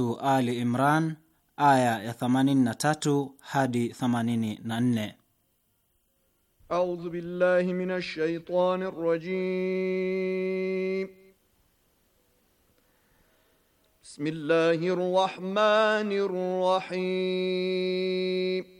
Suratu Ali Imran aya ya 83 hadi 84. A'udhu billahi minash shaitanir rajim. Bismillahir rahmanir rahim.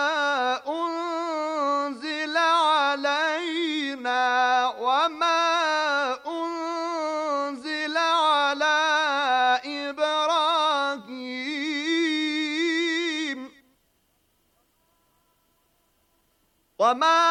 我妈。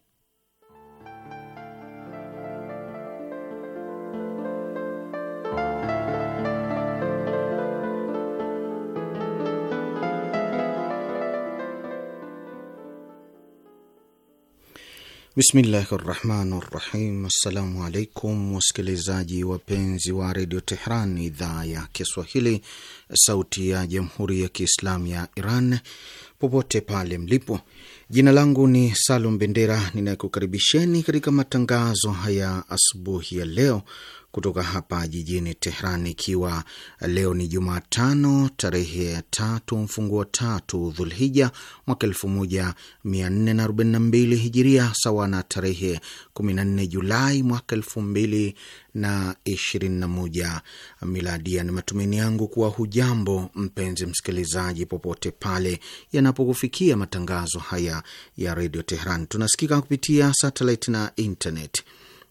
Bismillahi rahmani rahim. Assalamu alaikum wasikilizaji wapenzi wa redio Tehran, idhaa ya Kiswahili, sauti ya jamhuri ya kiislamu ya Iran, popote pale mlipo. Jina langu ni Salum Bendera, ninayekukaribisheni katika matangazo haya asubuhi ya leo kutoka hapa jijini Tehran, ikiwa leo ni Jumatano tarehe ya tatu mfunguo tatu Dhulhija mwaka elfu moja mia nne na arobaini na mbili hijiria sawa na tarehe nne Julai mwaka elfu mbili na ishirini na moja miladia. Ni matumaini yangu kuwa hujambo mpenzi msikilizaji, popote pale yanapokufikia matangazo haya ya redio Tehran. Tunasikika kupitia satelit na internet.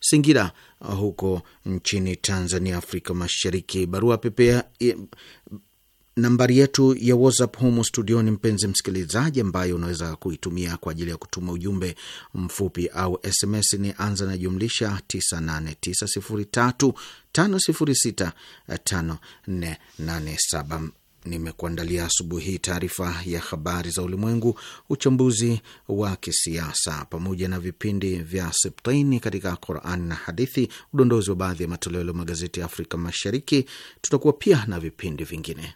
Singira uh, huko nchini Tanzania, Afrika Mashariki. Barua pepe nambari yetu ya WhatsApp humo studioni, mpenzi msikilizaji, ambayo unaweza kuitumia kwa ajili ya kutuma ujumbe mfupi au SMS ni anza na jumlisha 989035065487 nimekuandalia asubuhi hii taarifa ya habari za ulimwengu, uchambuzi wa kisiasa, pamoja na vipindi vya septaini katika Quran na hadithi, udondozi wa baadhi ya matoleo ya magazeti ya Afrika Mashariki. Tutakuwa pia na vipindi vingine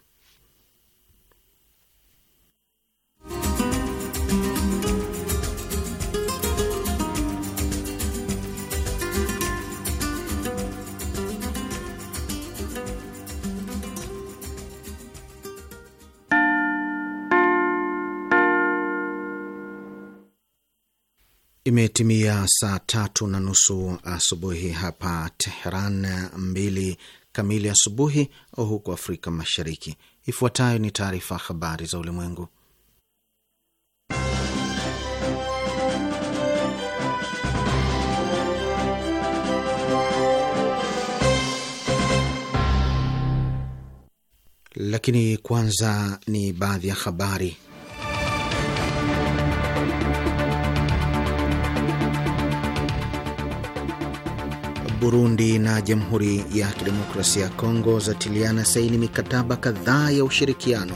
Imetimia saa tatu na nusu asubuhi hapa Teheran, mbili kamili asubuhi huku Afrika Mashariki. Ifuatayo ni taarifa habari za ulimwengu, lakini kwanza ni baadhi ya habari. Burundi na Jamhuri ya Kidemokrasia ya Kongo zatiliana saini mikataba kadhaa ya ushirikiano.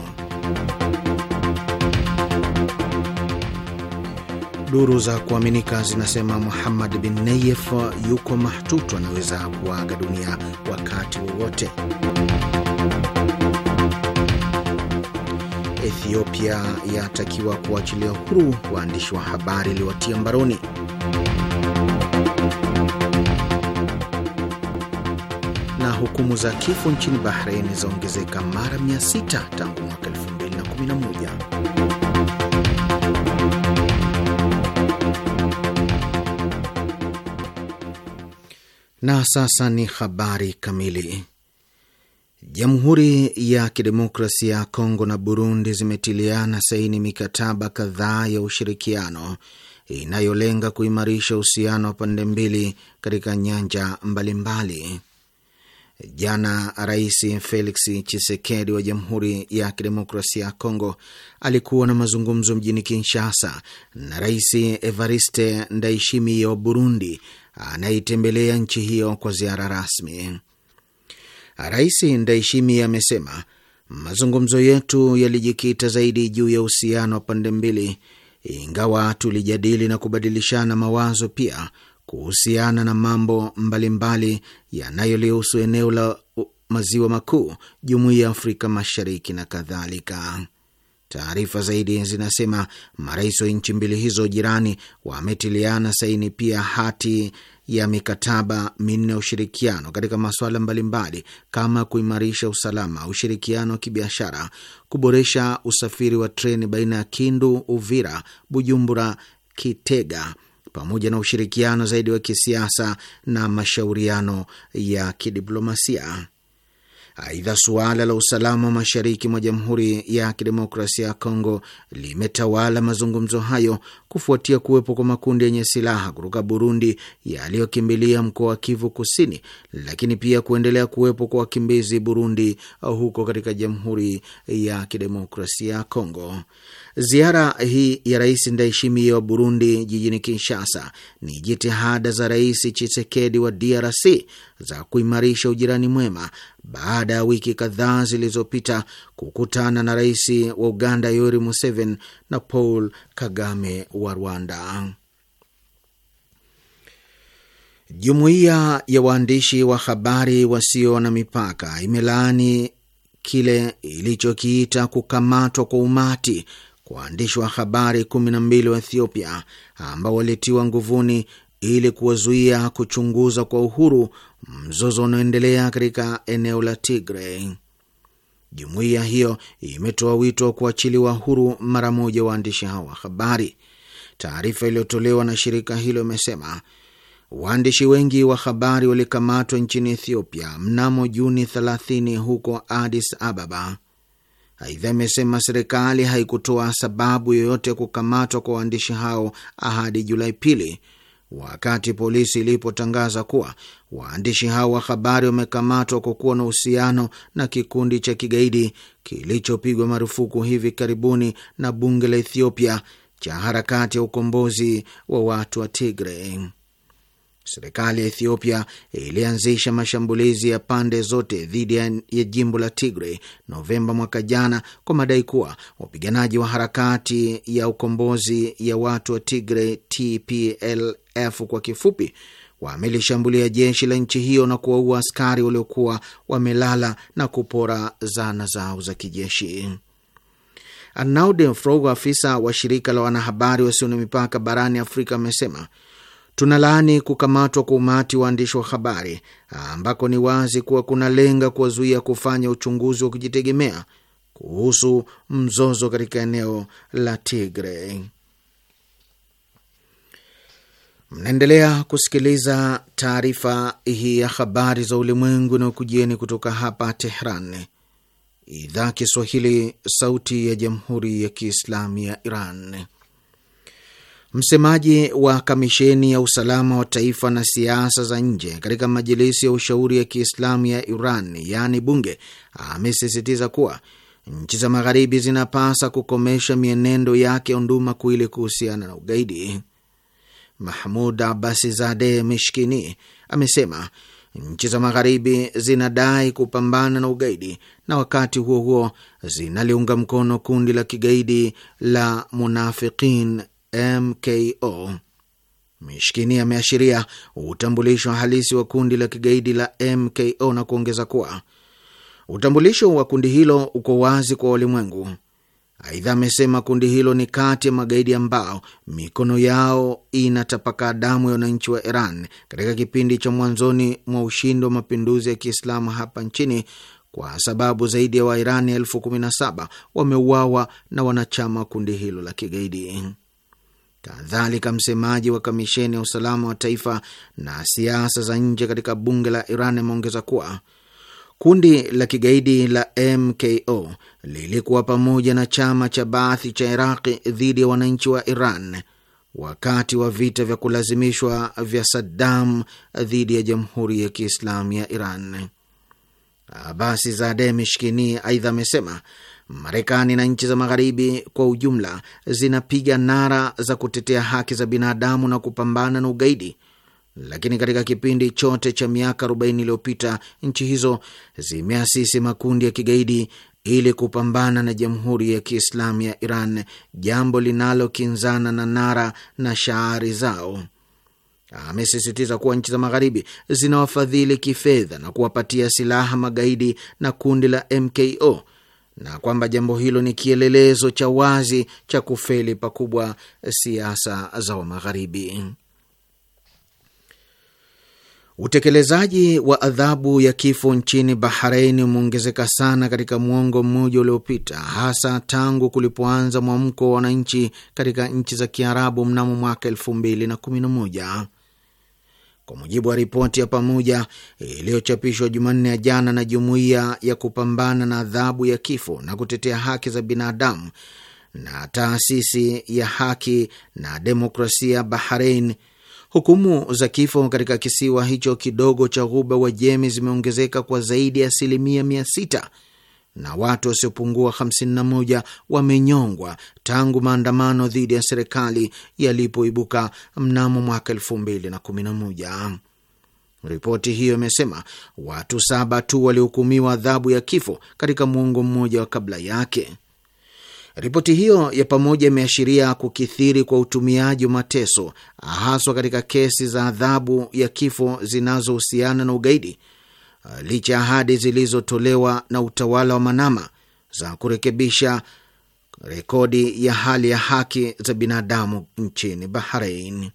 Duru za kuaminika zinasema Muhammad bin Nayef yuko mahtutu anaweza kuaga dunia wakati wowote. Ethiopia yatakiwa kuachilia huru waandishi wa habari iliwatia mbaroni. hukumu za kifo nchini Bahrein zaongezeka mara 600 tangu mwaka 2011. Na sasa ni habari kamili. Jamhuri ya Kidemokrasia ya Kongo na Burundi zimetiliana saini mikataba kadhaa ya ushirikiano inayolenga kuimarisha uhusiano wa pande mbili katika nyanja mbalimbali. Jana Rais Felix chisekedi wa Jamhuri ya Kidemokrasia ya Kongo alikuwa na mazungumzo mjini Kinshasa na Rais Evariste Ndayishimiye wa Burundi anayetembelea nchi hiyo kwa ziara rasmi. Rais Ndayishimiye amesema mazungumzo yetu yalijikita zaidi juu ya uhusiano wa pande mbili, ingawa tulijadili na kubadilishana mawazo pia kuhusiana na mambo mbalimbali yanayolihusu eneo la maziwa makuu, jumuiya ya Afrika Mashariki na kadhalika. Taarifa zaidi zinasema marais wa nchi mbili hizo jirani wametiliana saini pia hati ya mikataba minne ya ushirikiano katika masuala mbalimbali kama kuimarisha usalama, ushirikiano wa kibiashara, kuboresha usafiri wa treni baina ya Kindu, Uvira, Bujumbura, Kitega pamoja na ushirikiano zaidi wa kisiasa na mashauriano ya kidiplomasia. Aidha, suala la usalama wa mashariki mwa Jamhuri ya Kidemokrasia ya Kongo limetawala mazungumzo hayo kufuatia kuwepo kwa makundi yenye silaha kutoka Burundi yaliyokimbilia mkoa wa Kivu Kusini, lakini pia kuendelea kuwepo kwa wakimbizi Burundi huko katika Jamhuri ya Kidemokrasia ya Kongo. Ziara hii ya Rais Ndayishimiye wa Burundi jijini Kinshasa ni jitihada za Rais Chisekedi wa DRC za kuimarisha ujirani mwema baada ya wiki kadhaa zilizopita kukutana na rais wa Uganda Yoweri Museveni na Paul Kagame wa Rwanda. Jumuiya ya waandishi wa habari wasio na mipaka imelaani kile ilichokiita kukamatwa kwa umati waandishi wa habari mbili wa Ethiopia ambao walitiwa nguvuni ili kuwazuia kuchunguza kwa uhuru mzozo unaoendelea katika eneo la Tigray. Jumuiya hiyo imetoa wito wa kuachiliwa huru mara moja waandishi hao wa habari. Taarifa iliyotolewa na shirika hilo imesema waandishi wengi wa habari walikamatwa nchini Ethiopia mnamo Juni 30 huko Addis Ababa. Aidha, imesema serikali haikutoa sababu yoyote ya kukamatwa kwa waandishi hao hadi Julai pili, wakati polisi ilipotangaza kuwa waandishi hao wa habari wamekamatwa kwa kuwa na uhusiano na kikundi cha kigaidi kilichopigwa marufuku hivi karibuni na bunge la Ethiopia cha harakati ya ukombozi wa watu wa Tigray serikali ya Ethiopia ilianzisha mashambulizi ya pande zote dhidi ya jimbo la Tigray Novemba mwaka jana kwa madai kuwa wapiganaji wa harakati ya ukombozi ya watu wa Tigray TPLF kwa kifupi wamelishambulia jeshi la nchi hiyo na kuwaua askari waliokuwa wamelala na kupora zana zao za kijeshi. Arnaud afisa wa shirika la wanahabari wasio na mipaka barani Afrika, amesema Tunalaani kukamatwa kwa umati waandishi wa habari ambako ni wazi kuwa kunalenga kuwazuia kufanya uchunguzi wa kujitegemea kuhusu mzozo katika eneo la Tigray. Mnaendelea kusikiliza taarifa hii ya habari za ulimwengu na ukujieni kutoka hapa Tehran, idhaa Kiswahili, sauti ya jamhuri ya kiislamu ya Iran. Msemaji wa kamisheni ya usalama wa taifa na siasa za nje katika majilisi ya ushauri ya Kiislamu ya Iran, yaani bunge, amesisitiza kuwa nchi za magharibi zinapasa kukomesha mienendo yake ya unduma kuili kuhusiana na ugaidi. Mahmud Abbasi Zade Mishkini amesema nchi za magharibi zinadai kupambana na ugaidi na wakati huo huo zinaliunga mkono kundi la kigaidi la Munafikin MKO. Mishkini ameashiria utambulisho halisi wa kundi la kigaidi la MKO na kuongeza kuwa utambulisho wa kundi hilo uko wazi kwa walimwengu. Aidha, amesema kundi hilo ni kati ya magaidi ambao mikono yao inatapaka damu ya wananchi wa Iran katika kipindi cha mwanzoni mwa ushindi wa mapinduzi ya Kiislamu hapa nchini, kwa sababu zaidi ya Wairani elfu kumi na saba wameuawa na wanachama kundi hilo la kigaidi. Kadhalika, msemaji wa kamisheni ya usalama wa taifa na siasa za nje katika bunge la Iran ameongeza kuwa kundi la kigaidi la MKO lilikuwa pamoja na chama cha Baathi cha Iraqi dhidi ya wananchi wa Iran wakati wa vita vya kulazimishwa vya Saddam dhidi ya Jamhuri ya Kiislamu ya Iran. Abasi Zade Mishkini aidha amesema Marekani na nchi za Magharibi kwa ujumla zinapiga nara za kutetea haki za binadamu na kupambana na ugaidi, lakini katika kipindi chote cha miaka 40 iliyopita nchi hizo zimeasisi makundi ya kigaidi ili kupambana na Jamhuri ya Kiislamu ya Iran, jambo linalokinzana na nara na shaari zao. Amesisitiza kuwa nchi za Magharibi zinawafadhili kifedha na kuwapatia silaha magaidi na kundi la MKO na kwamba jambo hilo ni kielelezo cha wazi cha kufeli pakubwa siasa za Magharibi. Utekelezaji wa adhabu ya kifo nchini Bahrein umeongezeka sana katika mwongo mmoja uliopita, hasa tangu kulipoanza mwamko wa wananchi katika nchi za Kiarabu mnamo mwaka elfu mbili na kumi na moja kwa mujibu wa ripoti ya pamoja eh, iliyochapishwa Jumanne ya jana na jumuiya ya kupambana na adhabu ya kifo na kutetea haki za binadamu na taasisi ya haki na demokrasia Bahrain, hukumu za kifo katika kisiwa hicho kidogo cha ghuba Wajemi zimeongezeka kwa zaidi ya asilimia mia sita na watu wasiopungua 51 wamenyongwa tangu maandamano dhidi ya serikali yalipoibuka mnamo mwaka 2011. Ripoti hiyo imesema watu saba tu walihukumiwa adhabu ya kifo katika muongo mmoja wa kabla yake. Ripoti hiyo ya pamoja imeashiria kukithiri kwa utumiaji wa mateso, haswa katika kesi za adhabu ya kifo zinazohusiana na ugaidi Uh, licha ya ahadi zilizotolewa na utawala wa Manama za kurekebisha rekodi ya hali ya haki za binadamu nchini Bahrain.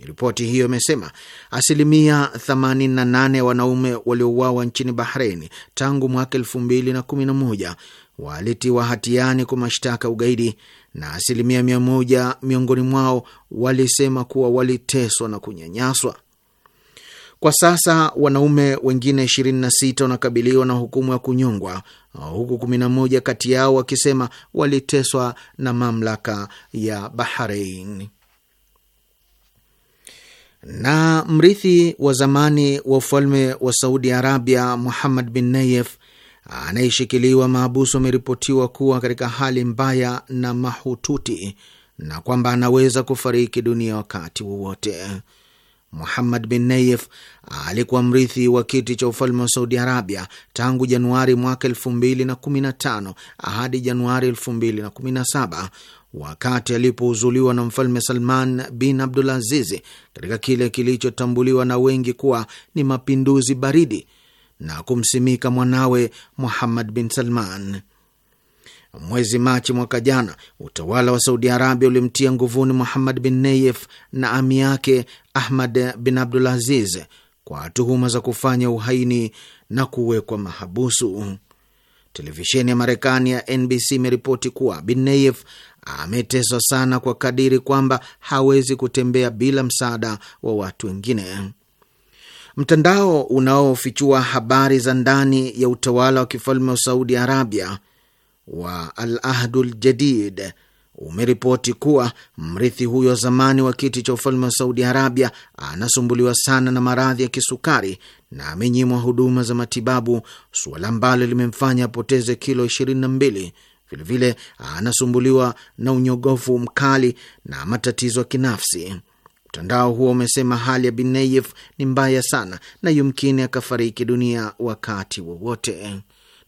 Ripoti hiyo imesema asilimia 88 ya wanaume waliouawa nchini Bahrain tangu mwaka 2011 walitiwa hatiani kwa mashtaka ugaidi na asilimia 100 miongoni mwao walisema kuwa waliteswa na kunyanyaswa. Kwa sasa wanaume wengine 26 wanakabiliwa na hukumu ya kunyongwa huku 11 kati yao wakisema waliteswa na mamlaka ya Bahrain. Na mrithi wa zamani wa ufalme wa Saudi Arabia Muhammad bin Nayef anayeshikiliwa maabusu ameripotiwa kuwa katika hali mbaya na mahututi na kwamba anaweza kufariki dunia wakati wowote. Muhammad bin Nayef alikuwa mrithi wa kiti cha ufalme wa Saudi Arabia tangu Januari mwaka 215 hadi Januari 217 wakati alipouzuliwa na mfalme Salman bin Abdulazizi katika kile kilichotambuliwa na wengi kuwa ni mapinduzi baridi na kumsimika mwanawe Muhammad bin Salman. Mwezi Machi mwaka jana, utawala wa Saudi Arabia ulimtia nguvuni Muhammad bin Nayef na ami yake Ahmad bin Abdul Aziz kwa tuhuma za kufanya uhaini na kuwekwa mahabusu. Televisheni ya Marekani ya NBC imeripoti kuwa bin Nayef ameteswa sana kwa kadiri kwamba hawezi kutembea bila msaada wa watu wengine. Mtandao unaofichua habari za ndani ya utawala wa kifalme wa Saudi Arabia wa Al Ahdul Jadid umeripoti kuwa mrithi huyo wa zamani wa kiti cha ufalme wa Saudi Arabia anasumbuliwa sana na maradhi ya kisukari na amenyimwa huduma za matibabu, suala ambalo limemfanya apoteze kilo 22. Vilevile anasumbuliwa na unyogofu mkali na matatizo ya kinafsi. Mtandao huo umesema hali ya Binayef ni mbaya sana na yumkini akafariki dunia wakati wowote.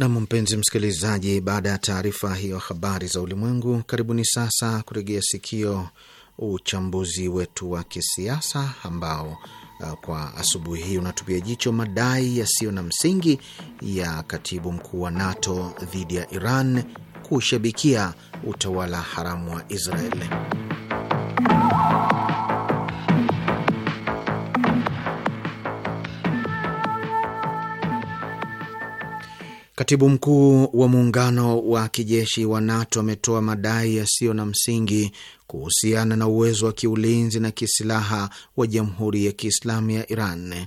Nam, mpenzi msikilizaji, baada ya taarifa hiyo habari za ulimwengu, karibuni sasa kuregea sikio uchambuzi wetu wa kisiasa ambao uh, kwa asubuhi hii unatupia jicho madai yasiyo na msingi ya katibu mkuu wa NATO dhidi ya Iran kushabikia utawala haramu wa Israeli. Katibu mkuu wa muungano wa kijeshi wa NATO ametoa madai yasiyo na msingi kuhusiana na uwezo wa kiulinzi na kisilaha wa Jamhuri ya Kiislamu ya Iran.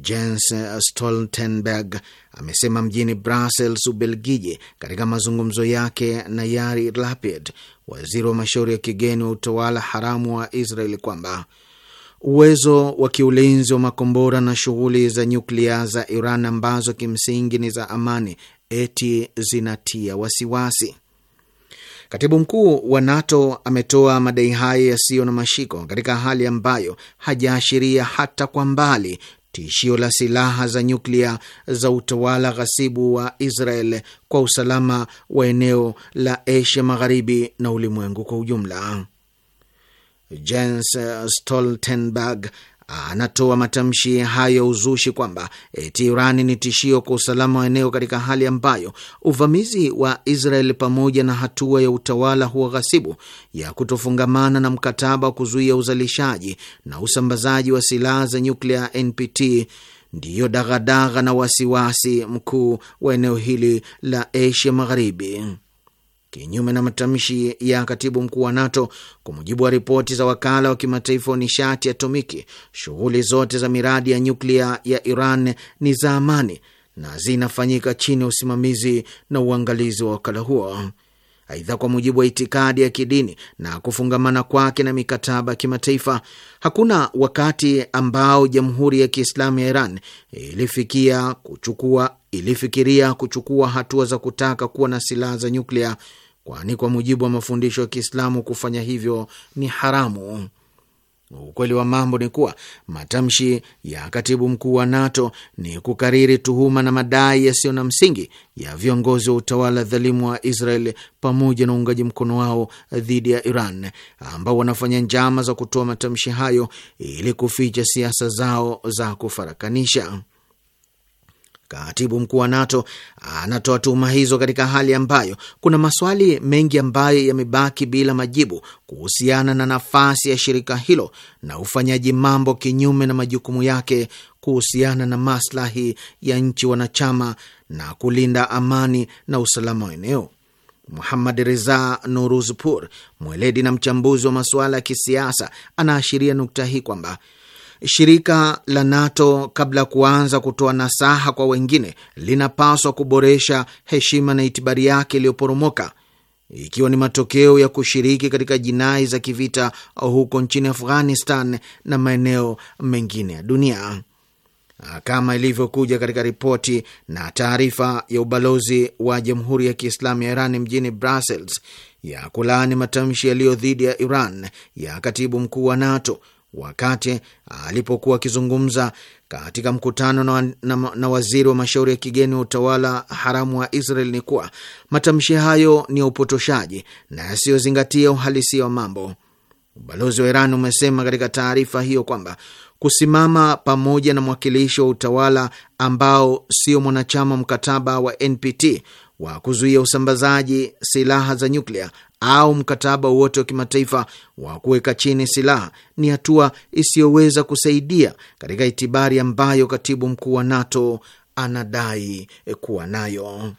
Jens Stoltenberg amesema mjini Brussels, Ubelgiji, katika mazungumzo yake na Yair Lapid, waziri wa mashauri ya kigeni wa utawala haramu wa Israeli, kwamba uwezo wa kiulinzi wa makombora na shughuli za nyuklia za Iran ambazo kimsingi ni za amani eti zinatia wasiwasi. Katibu mkuu wa NATO ametoa madai hayo yasiyo na mashiko katika hali ambayo hajaashiria hata kwa mbali tishio la silaha za nyuklia za utawala ghasibu wa Israel kwa usalama wa eneo la Asia Magharibi na ulimwengu kwa ujumla. Jens Stoltenberg anatoa matamshi hayo uzushi kwamba eti Iran ni tishio kwa usalama wa eneo katika hali ambayo uvamizi wa Israel pamoja na hatua ya utawala huo ghasibu ya kutofungamana na mkataba wa kuzuia uzalishaji na usambazaji wa silaha za nyuklia NPT ndiyo dagadaga na wasiwasi mkuu wa eneo hili la Asia Magharibi kinyume na matamshi ya katibu mkuu wa NATO. Kwa mujibu wa ripoti za wakala wa kimataifa wa nishati atomiki, shughuli zote za miradi ya nyuklia ya Iran ni za amani na zinafanyika chini ya usimamizi na uangalizi wa wakala huo. Aidha, kwa mujibu wa itikadi ya kidini na kufungamana kwake na mikataba ya kimataifa, hakuna wakati ambao Jamhuri ya Kiislamu ya Iran ilifikia kuchukua ilifikiria kuchukua hatua za kutaka kuwa na silaha za nyuklia kwani kwa mujibu wa mafundisho ya Kiislamu kufanya hivyo ni haramu. Ukweli wa mambo ni kuwa matamshi ya katibu mkuu wa NATO ni kukariri tuhuma na madai yasiyo na msingi ya viongozi wa utawala dhalimu wa Israel pamoja na uungaji mkono wao dhidi ya Iran, ambao wanafanya njama za kutoa matamshi hayo ili kuficha siasa zao za kufarakanisha. Katibu mkuu wa NATO anatoa tuhuma hizo katika hali ambayo kuna maswali mengi ambayo yamebaki bila majibu kuhusiana na nafasi ya shirika hilo na ufanyaji mambo kinyume na majukumu yake kuhusiana na maslahi ya nchi wanachama na kulinda amani na usalama wa eneo. Muhammad Reza Nuruzpur, mweledi na mchambuzi wa masuala ya kisiasa, anaashiria nukta hii kwamba Shirika la NATO kabla ya kuanza kutoa nasaha kwa wengine, linapaswa kuboresha heshima na itibari yake iliyoporomoka, ikiwa ni matokeo ya kushiriki katika jinai za kivita huko nchini Afghanistan na maeneo mengine ya dunia. Kama ilivyokuja katika ripoti na taarifa ya ubalozi wa Jamhuri ya Kiislamu ya Iran mjini Brussels ya kulaani matamshi yaliyo dhidi ya Iran ya katibu mkuu wa NATO wakati alipokuwa akizungumza katika mkutano na, na, na waziri wa mashauri ya kigeni wa utawala haramu wa Israel ni kuwa matamshi hayo ni ya upotoshaji na yasiyozingatia uhalisia wa mambo. Ubalozi wa Iran umesema katika taarifa hiyo kwamba kusimama pamoja na mwakilishi wa utawala ambao sio mwanachama mkataba wa NPT wa kuzuia usambazaji silaha za nyuklia au mkataba wote wa kimataifa wa kuweka chini silaha ni hatua isiyoweza kusaidia katika itibari ambayo katibu mkuu wa NATO anadai kuwa nayo.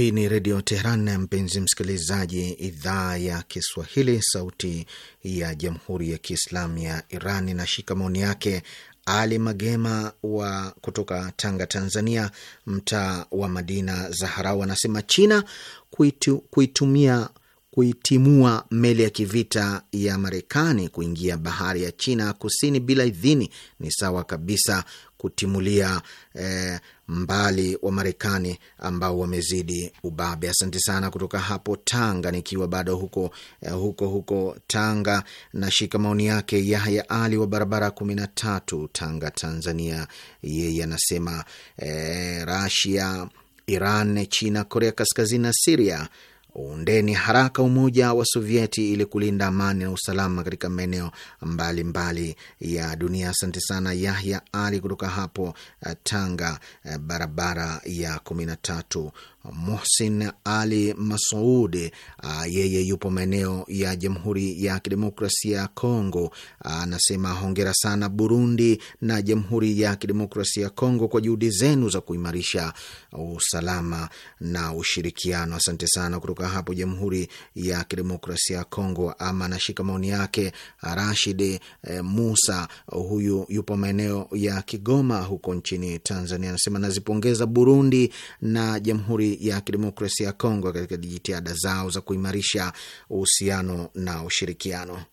Hii ni Redio Teheran, mpenzi msikilizaji, idhaa ya Kiswahili, sauti ya Jamhuri ya Kiislamu ya Iran. Inashika maoni yake Ali Magema wa kutoka Tanga, Tanzania, mtaa wa Madina Zaharau, anasema China kuitu, kuitumia kuitimua meli ya kivita ya Marekani kuingia bahari ya China kusini bila idhini ni sawa kabisa kutimulia eh, mbali wa Marekani ambao wamezidi ubabe. Asante sana kutoka hapo Tanga, nikiwa bado huko eh, huko huko Tanga. Nashika maoni yake Yahya Ali wa barabara kumi na tatu, Tanga, Tanzania. Yeye anasema eh, Rasia, Iran, China, Korea Kaskazini na Siria uundeni haraka umoja wa Sovieti ili kulinda amani na usalama katika maeneo mbalimbali ya dunia. Asante sana Yahya Ali kutoka hapo eh, Tanga, eh, barabara ya kumi na tatu Muhsin Ali Masoud, ah, yeye yupo maeneo ya Jamhuri ya Kidemokrasia ya Kongo, ah, anasema hongera sana Burundi na Jamhuri ya Kidemokrasia ya Kongo kwa juhudi zenu za kuimarisha usalama na ushirikiano. Asante sana kutoka hapo Jamhuri ya Kidemokrasia ya Kongo. Ama anashika maoni yake ah, Rashid eh, Musa, huyu yupo maeneo ya Kigoma huko nchini Tanzania, anasema nazipongeza Burundi na Jamhuri ya Kidemokrasia ya Kongo katika jitihada zao za kuimarisha uhusiano na ushirikiano.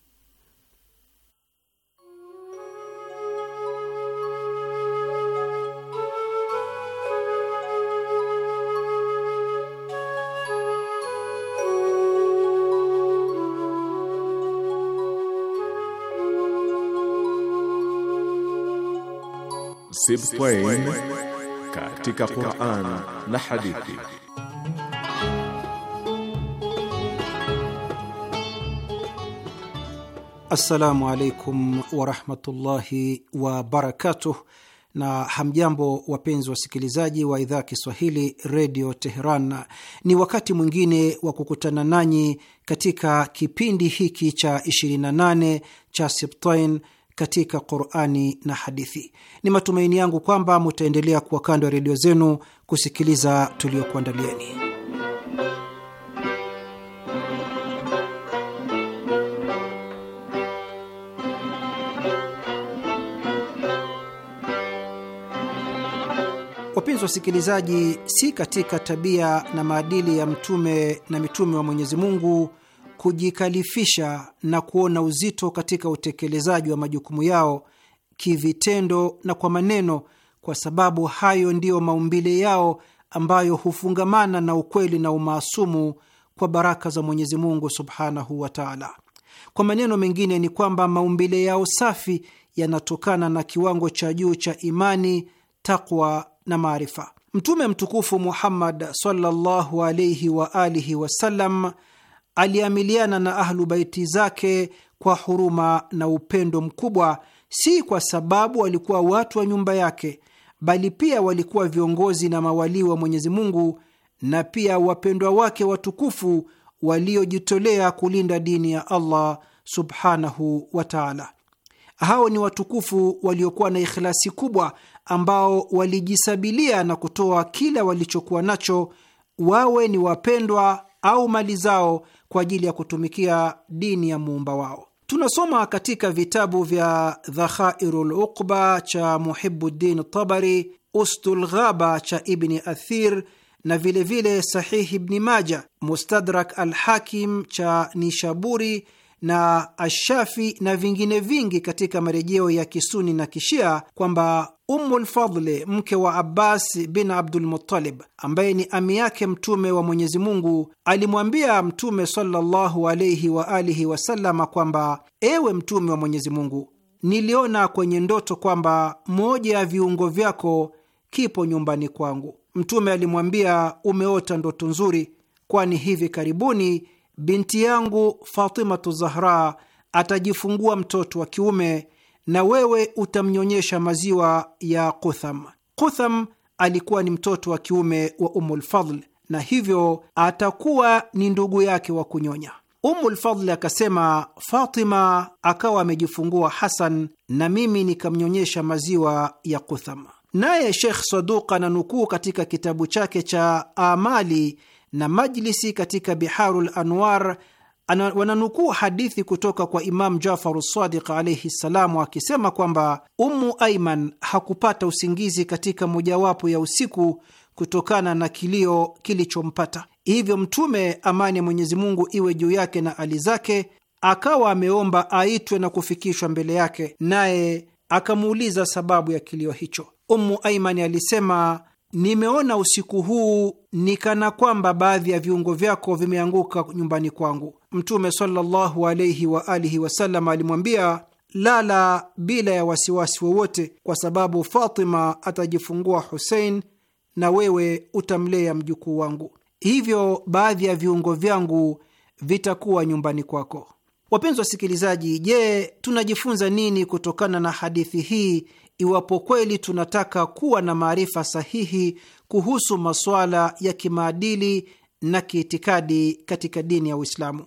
Sibtain katika Qur'an na hadithi. Assalamu alaikum warahmatullahi wabarakatuh, na hamjambo wapenzi wasikilizaji wa idhaa Kiswahili redio Teheran. Ni wakati mwingine wa kukutana nanyi katika kipindi hiki cha 28 cha Sibtain katika Qurani na hadithi. Ni matumaini yangu kwamba mutaendelea kuwa kando ya redio zenu kusikiliza tuliokuandalieni. Wapenzi wasikilizaji, si katika tabia na maadili ya mtume na mitume wa Mwenyezi Mungu kujikalifisha na kuona uzito katika utekelezaji wa majukumu yao kivitendo na kwa maneno, kwa sababu hayo ndiyo maumbile yao ambayo hufungamana na ukweli na umaasumu kwa baraka za Mwenyezi Mungu subhanahu wa taala. Kwa maneno mengine ni kwamba maumbile yao safi yanatokana na kiwango cha juu cha imani, takwa na maarifa. Mtume mtukufu Muhammad sallallahu alaihi wa alihi wasallam aliamiliana na Ahlu Baiti zake kwa huruma na upendo mkubwa, si kwa sababu walikuwa watu wa nyumba yake, bali pia walikuwa viongozi na mawalii wa Mwenyezi Mungu na pia wapendwa wake watukufu waliojitolea kulinda dini ya Allah subhanahu wa taala. Hao ni watukufu waliokuwa na ikhlasi kubwa, ambao walijisabilia na kutoa kila walichokuwa nacho, wawe ni wapendwa au mali zao kwa ajili ya kutumikia dini ya muumba wao. Tunasoma katika vitabu vya Dhakhairul Luqba cha Muhibuddin Tabari, Ustulghaba cha Ibni Athir na vilevile Sahihi Ibni Maja, Mustadrak Alhakim cha Nishaburi na Ashafi na vingine vingi katika marejeo ya Kisuni na Kishia kwamba Ummulfadli mke wa Abbas bin Abdulmutalib, ambaye ni ami yake Mtume wa Mwenyezi Mungu alimwambia Mtume sallallahu alaihi wa alihi wasallama kwamba, ewe Mtume wa Mwenyezi Mungu, niliona kwenye ndoto kwamba moja ya viungo vyako kipo nyumbani kwangu. Mtume alimwambia, umeota ndoto nzuri, kwani hivi karibuni binti yangu Fatimatu Zahra atajifungua mtoto wa kiume na wewe utamnyonyesha maziwa ya Qutham. Qutham alikuwa ni mtoto wa kiume wa ummulfadl na hivyo atakuwa ni ndugu yake wa kunyonya. ummulfadli akasema, Fatima akawa amejifungua Hasan na mimi nikamnyonyesha maziwa ya Qutham. Naye Sheikh Saduq ananukuu katika kitabu chake cha Amali na Majlisi katika Biharul Anwar wananukuu hadithi kutoka kwa Imamu jafar Sadiq alaihi ssalamu akisema kwamba Ummu Aiman hakupata usingizi katika mojawapo ya usiku kutokana na kilio kilichompata. Hivyo Mtume, amani ya Mwenyezi Mungu iwe juu yake na ali zake, akawa ameomba aitwe na kufikishwa mbele yake, naye akamuuliza sababu ya kilio hicho. Ummu Aiman alisema nimeona usiku huu ni kana kwamba baadhi ya viungo vyako vimeanguka nyumbani kwangu. Mtume sallallahu alaihi wa alihi wasallam alimwambia, lala bila ya wasiwasi wowote, kwa sababu Fatima atajifungua Husein na wewe utamlea mjukuu wangu, hivyo baadhi ya viungo vyangu vitakuwa nyumbani kwako. Wapenzi wasikilizaji, je, tunajifunza nini kutokana na hadithi hii iwapo kweli tunataka kuwa na maarifa sahihi kuhusu masuala ya kimaadili na kiitikadi katika dini ya Uislamu.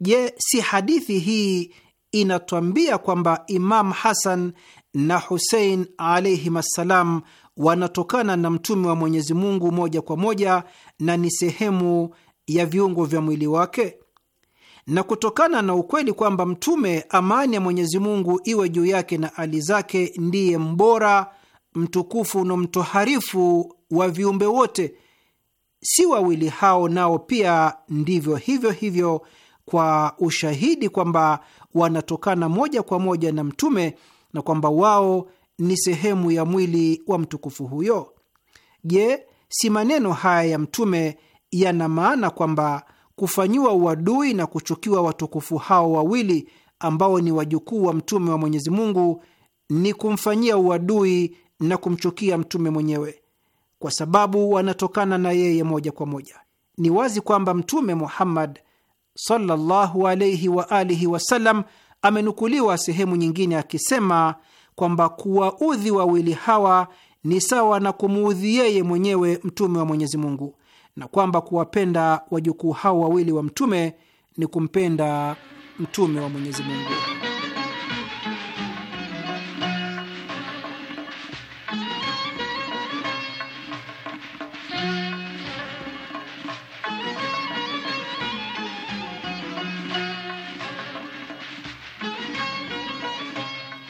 Je, si hadithi hii inatwambia kwamba Imam Hasan na Husein alaihim assalam wanatokana na mtume wa Mwenyezi Mungu moja kwa moja na ni sehemu ya viungo vya mwili wake? na kutokana na ukweli kwamba Mtume, amani ya Mwenyezi Mungu iwe juu yake na ali zake, ndiye mbora mtukufu na mtoharifu wa viumbe wote, si wawili hao nao pia ndivyo hivyo hivyo, kwa ushahidi kwamba wanatokana moja kwa moja na Mtume na kwamba wao ni sehemu ya mwili wa mtukufu huyo. Je, si maneno haya ya Mtume yana maana kwamba kufanyiwa uadui na kuchukiwa watukufu hao wawili ambao ni wajukuu wa mtume wa Mwenyezi Mungu ni kumfanyia uadui na kumchukia mtume mwenyewe, kwa sababu wanatokana na yeye moja kwa moja. Ni wazi kwamba Mtume Muhammad sallallahu alayhi wa alihi wasallam amenukuliwa sehemu nyingine akisema kwamba kuwaudhi wawili hawa ni sawa na kumuudhi yeye mwenyewe mtume wa Mwenyezi Mungu na kwamba kuwapenda wajukuu hao wawili wa mtume ni kumpenda mtume wa Mwenyezi Mungu.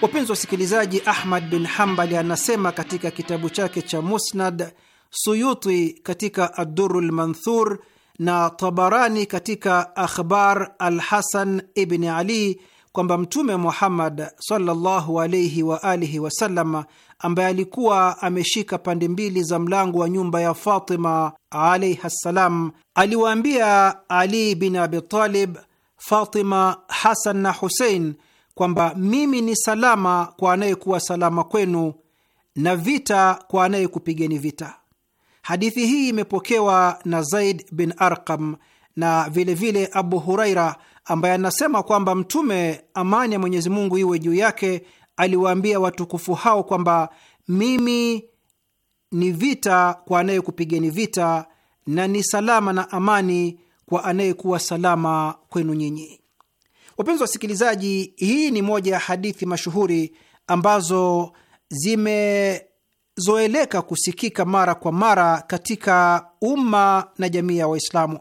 Wapenzi wasikilizaji, Ahmad bin Hambali anasema katika kitabu chake cha Musnad Suyuti katika Adduru Lmanthur na Tabarani katika Akhbar Alhasan Ibni Ali kwamba Mtume Muhammad sallallahu alaihi wa alihi wasallam, ambaye alikuwa ameshika pande mbili za mlango wa nyumba ya Fatima alaihi ssalam, aliwaambia Ali bin Abitalib, Fatima, Hasan na Husein kwamba mimi ni salama kwa anayekuwa salama kwenu na vita kwa anayekupigeni vita. Hadithi hii imepokewa na Zaid bin Arqam na vilevile vile Abu Huraira ambaye anasema kwamba Mtume, amani ya Mwenyezi Mungu iwe juu yake, aliwaambia watukufu hao kwamba mimi ni vita kwa anayekupigeni vita na ni salama na amani kwa anayekuwa salama kwenu nyinyi. Wapenzi wasikilizaji, hii ni moja ya hadithi mashuhuri ambazo zime zoeleka kusikika mara kwa mara katika umma na jamii ya Waislamu.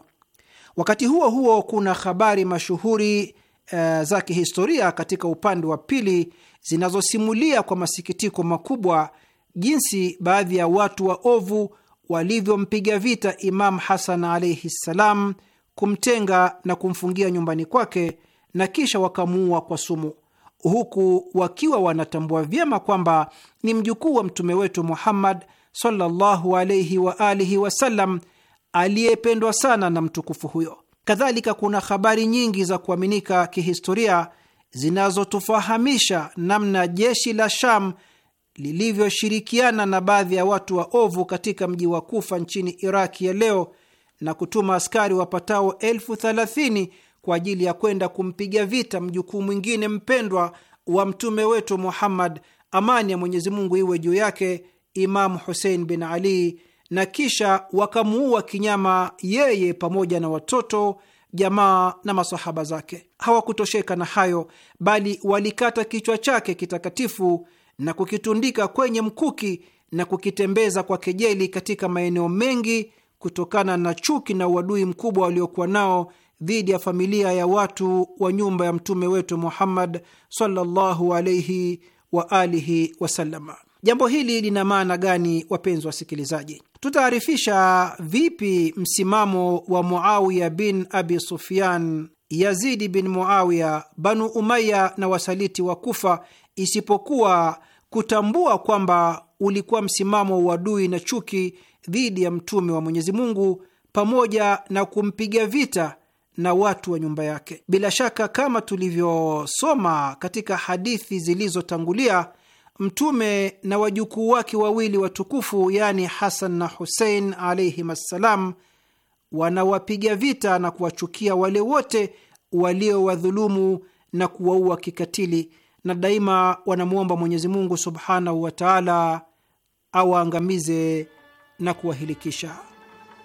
Wakati huo huo, kuna habari mashuhuri uh, za kihistoria katika upande wa pili zinazosimulia kwa masikitiko makubwa jinsi baadhi ya watu wa ovu walivyompiga vita Imam Hasan alaihi ssalam, kumtenga na kumfungia nyumbani kwake na kisha wakamuua kwa sumu huku wakiwa wanatambua vyema kwamba ni mjukuu wa mtume wetu Muhammad sallallahu wa alihi wasallam aliyependwa sana na mtukufu huyo. Kadhalika, kuna habari nyingi za kuaminika kihistoria zinazotufahamisha namna jeshi la Sham lilivyoshirikiana na baadhi ya watu wa ovu katika mji wa Kufa nchini Iraki ya leo na kutuma askari wapatao elfu thelathini kwa ajili ya kwenda kumpiga vita mjukuu mwingine mpendwa wa mtume wetu Muhammad, amani ya Mwenyezi Mungu iwe juu yake, Imamu Husein bin Ali, na kisha wakamuua kinyama yeye pamoja na watoto, jamaa na masahaba zake. Hawakutosheka na hayo, bali walikata kichwa chake kitakatifu na kukitundika kwenye mkuki na kukitembeza kwa kejeli katika maeneo mengi kutokana na chuki na uadui mkubwa waliokuwa nao dhidi ya familia ya watu wa nyumba ya mtume wetu Muhammad sallallahu alaihi wa alihi wasallama. Jambo hili lina maana gani, wapenzi wasikilizaji? Tutaarifisha vipi msimamo wa Muawiya bin Abi Sufyan, Yazidi bin Muawiya, Banu Umaya na wasaliti wa Kufa, isipokuwa kutambua kwamba ulikuwa msimamo wa dui na chuki dhidi ya mtume wa Mwenyezi Mungu pamoja na kumpiga vita na watu wa nyumba yake. Bila shaka, kama tulivyosoma katika hadithi zilizotangulia, Mtume na wajukuu wake wawili watukufu, yaani Hasan na Husein alaihim assalam, wanawapiga vita na kuwachukia wale wote waliowadhulumu na kuwaua kikatili, na daima wanamwomba Mwenyezi Mungu subhanahu wa taala awaangamize na kuwahilikisha.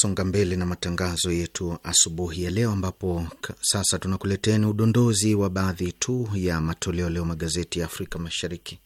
tunasonga mbele na matangazo yetu asubuhi ya leo, ambapo sasa tunakuleteni udondozi wa baadhi tu ya matoleo leo magazeti ya Afrika Mashariki.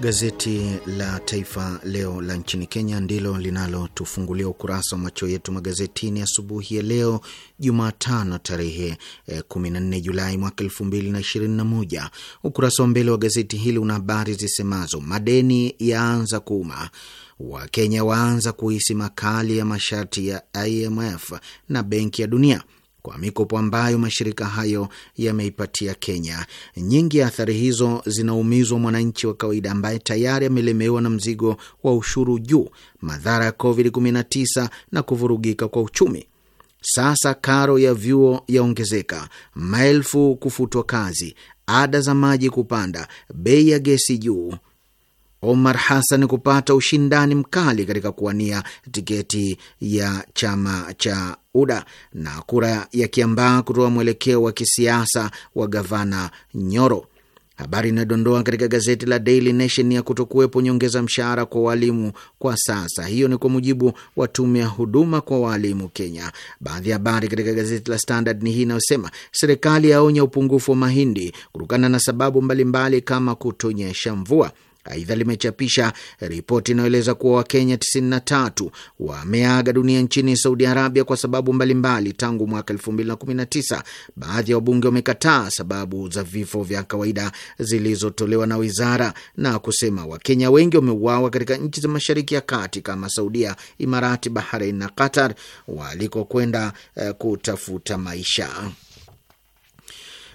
Gazeti la Taifa Leo la nchini Kenya ndilo linalotufungulia ukurasa wa macho yetu magazetini asubuhi ya leo Jumatano tarehe 14 eh, Julai mwaka 2021. Ukurasa wa mbele wa gazeti hili una habari zisemazo madeni yaanza kuuma, Wakenya waanza kuhisi makali ya masharti ya IMF na Benki ya Dunia kwa mikopo ambayo mashirika hayo yameipatia Kenya. Nyingi ya athari hizo zinaumizwa mwananchi wa kawaida ambaye tayari amelemewa na mzigo wa ushuru juu, madhara ya COVID-19 na kuvurugika kwa uchumi. Sasa karo ya vyuo yaongezeka, maelfu kufutwa kazi, ada za maji kupanda, bei ya gesi juu Omar Hassan kupata ushindani mkali katika kuwania tiketi ya chama cha UDA na kura ya kiambaa kutoa mwelekeo wa kisiasa wa gavana Nyoro. Habari inayodondoa katika gazeti la Daily Nation ya kutokuwepo nyongeza mshahara kwa waalimu kwa sasa. Hiyo ni kwa mujibu wa tume ya huduma kwa waalimu Kenya. Baadhi ya habari katika gazeti la Standard ni hii inayosema serikali yaonya upungufu wa mahindi kutokana na sababu mbalimbali mbali kama kutonyesha mvua. Aidha, limechapisha ripoti inayoeleza kuwa Wakenya 93 wameaga dunia nchini Saudi Arabia kwa sababu mbalimbali mbali tangu mwaka 2019. Baadhi ya wabunge wamekataa sababu za vifo vya kawaida zilizotolewa na wizara na kusema Wakenya wengi wameuawa katika nchi za Mashariki ya Kati kama Saudia, Imarati, Bahrain na Qatar walikokwenda eh, kutafuta maisha.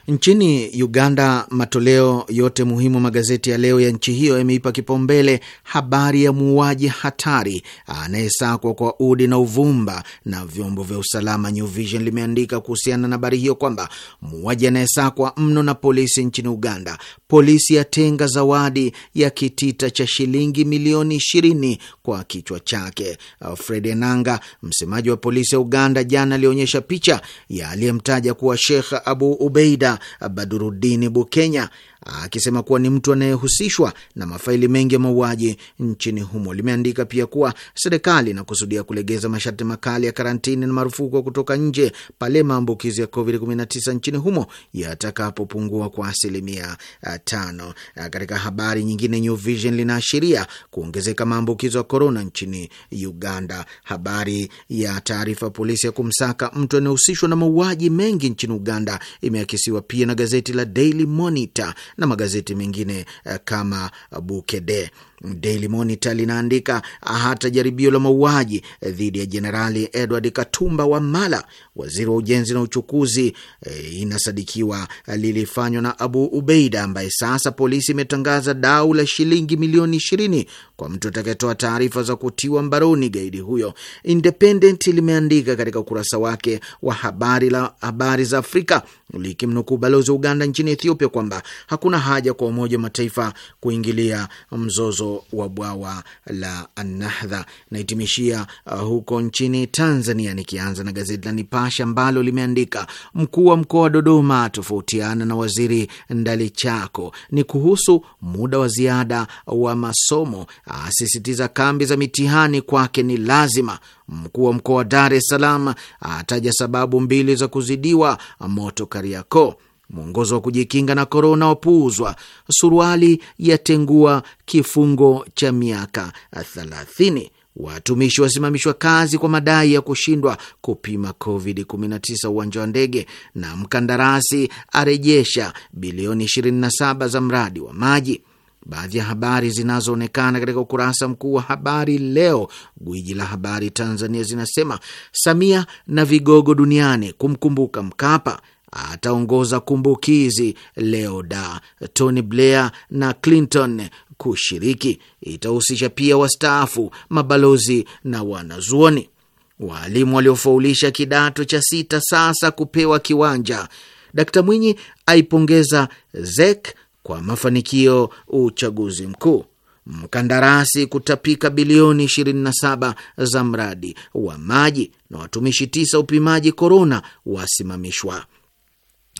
Nchini Uganda, matoleo yote muhimu magazeti ya leo ya nchi hiyo yameipa kipaumbele habari ya muuaji hatari anayesakwa kwa udi na uvumba, na vyombo vya usalama. New Vision limeandika kuhusiana na habari hiyo kwamba muuaji anayesakwa mno na polisi nchini Uganda, polisi yatenga zawadi ya kitita cha shilingi milioni ishirini kwa kichwa chake. Fred Enanga, msemaji wa polisi ya Uganda, jana alionyesha picha ya aliyemtaja kuwa Shekh Abu Ubeida Badurudini Bukenya akisema kuwa ni mtu anayehusishwa na mafaili mengi ya mauaji nchini humo. Limeandika pia kuwa serikali inakusudia kulegeza masharti makali ya karantini na marufuku kutoka nje pale maambukizi ya COVID-19 nchini humo yatakapopungua kwa asilimia uh, tano. Uh, katika habari nyingine, New Vision linaashiria kuongezeka maambukizo ya korona nchini Uganda. Habari ya taarifa polisi ya kumsaka mtu anayehusishwa na mauaji mengi nchini Uganda imeakisiwa pia na gazeti la Daily Monitor na magazeti mengine eh, kama Bukede. Daily Monitor linaandika hata jaribio la mauaji dhidi ya Jenerali Edward Katumba wa mala waziri wa ujenzi na uchukuzi, eh, inasadikiwa lilifanywa na Abu Ubeida, ambaye sasa polisi imetangaza dau la shilingi milioni ishirini kwa mtu atakayetoa taarifa za kutiwa mbaroni gaidi huyo. Independent limeandika katika ukurasa wake wa habari la habari za Afrika likimnukuu balozi wa Uganda nchini Ethiopia kwamba hakuna haja kwa Umoja wa Mataifa kuingilia mzozo wa bwawa la Nahdha. Nahitimishia uh, huko nchini Tanzania, nikianza na gazeti la Nipashe ambalo limeandika mkuu wa mkoa wa Dodoma tofautiana na waziri Ndalichako ni kuhusu muda wa ziada wa masomo, asisitiza kambi za mitihani kwake ni lazima. Mkuu wa mkoa wa Dar es Salaam ataja sababu mbili za kuzidiwa moto Kariakoo mwongozo wa kujikinga na korona wapuuzwa, suruali yatengua kifungo cha miaka thelathini, watumishi wasimamishwa kazi kwa madai ya kushindwa kupima COVID-19 uwanja wa ndege, na mkandarasi arejesha bilioni 27 za mradi wa maji. Baadhi ya habari zinazoonekana katika ukurasa mkuu wa habari leo, gwiji la habari Tanzania, zinasema Samia na vigogo duniani kumkumbuka Mkapa ataongoza kumbukizi leo da Tony Blair na Clinton kushiriki. Itahusisha pia wastaafu, mabalozi na wanazuoni. Waalimu waliofaulisha kidato cha sita sasa kupewa kiwanja. Dkt Mwinyi aipongeza ZEK kwa mafanikio uchaguzi mkuu. Mkandarasi kutapika bilioni 27 za mradi wa maji na watumishi tisa upimaji korona wasimamishwa.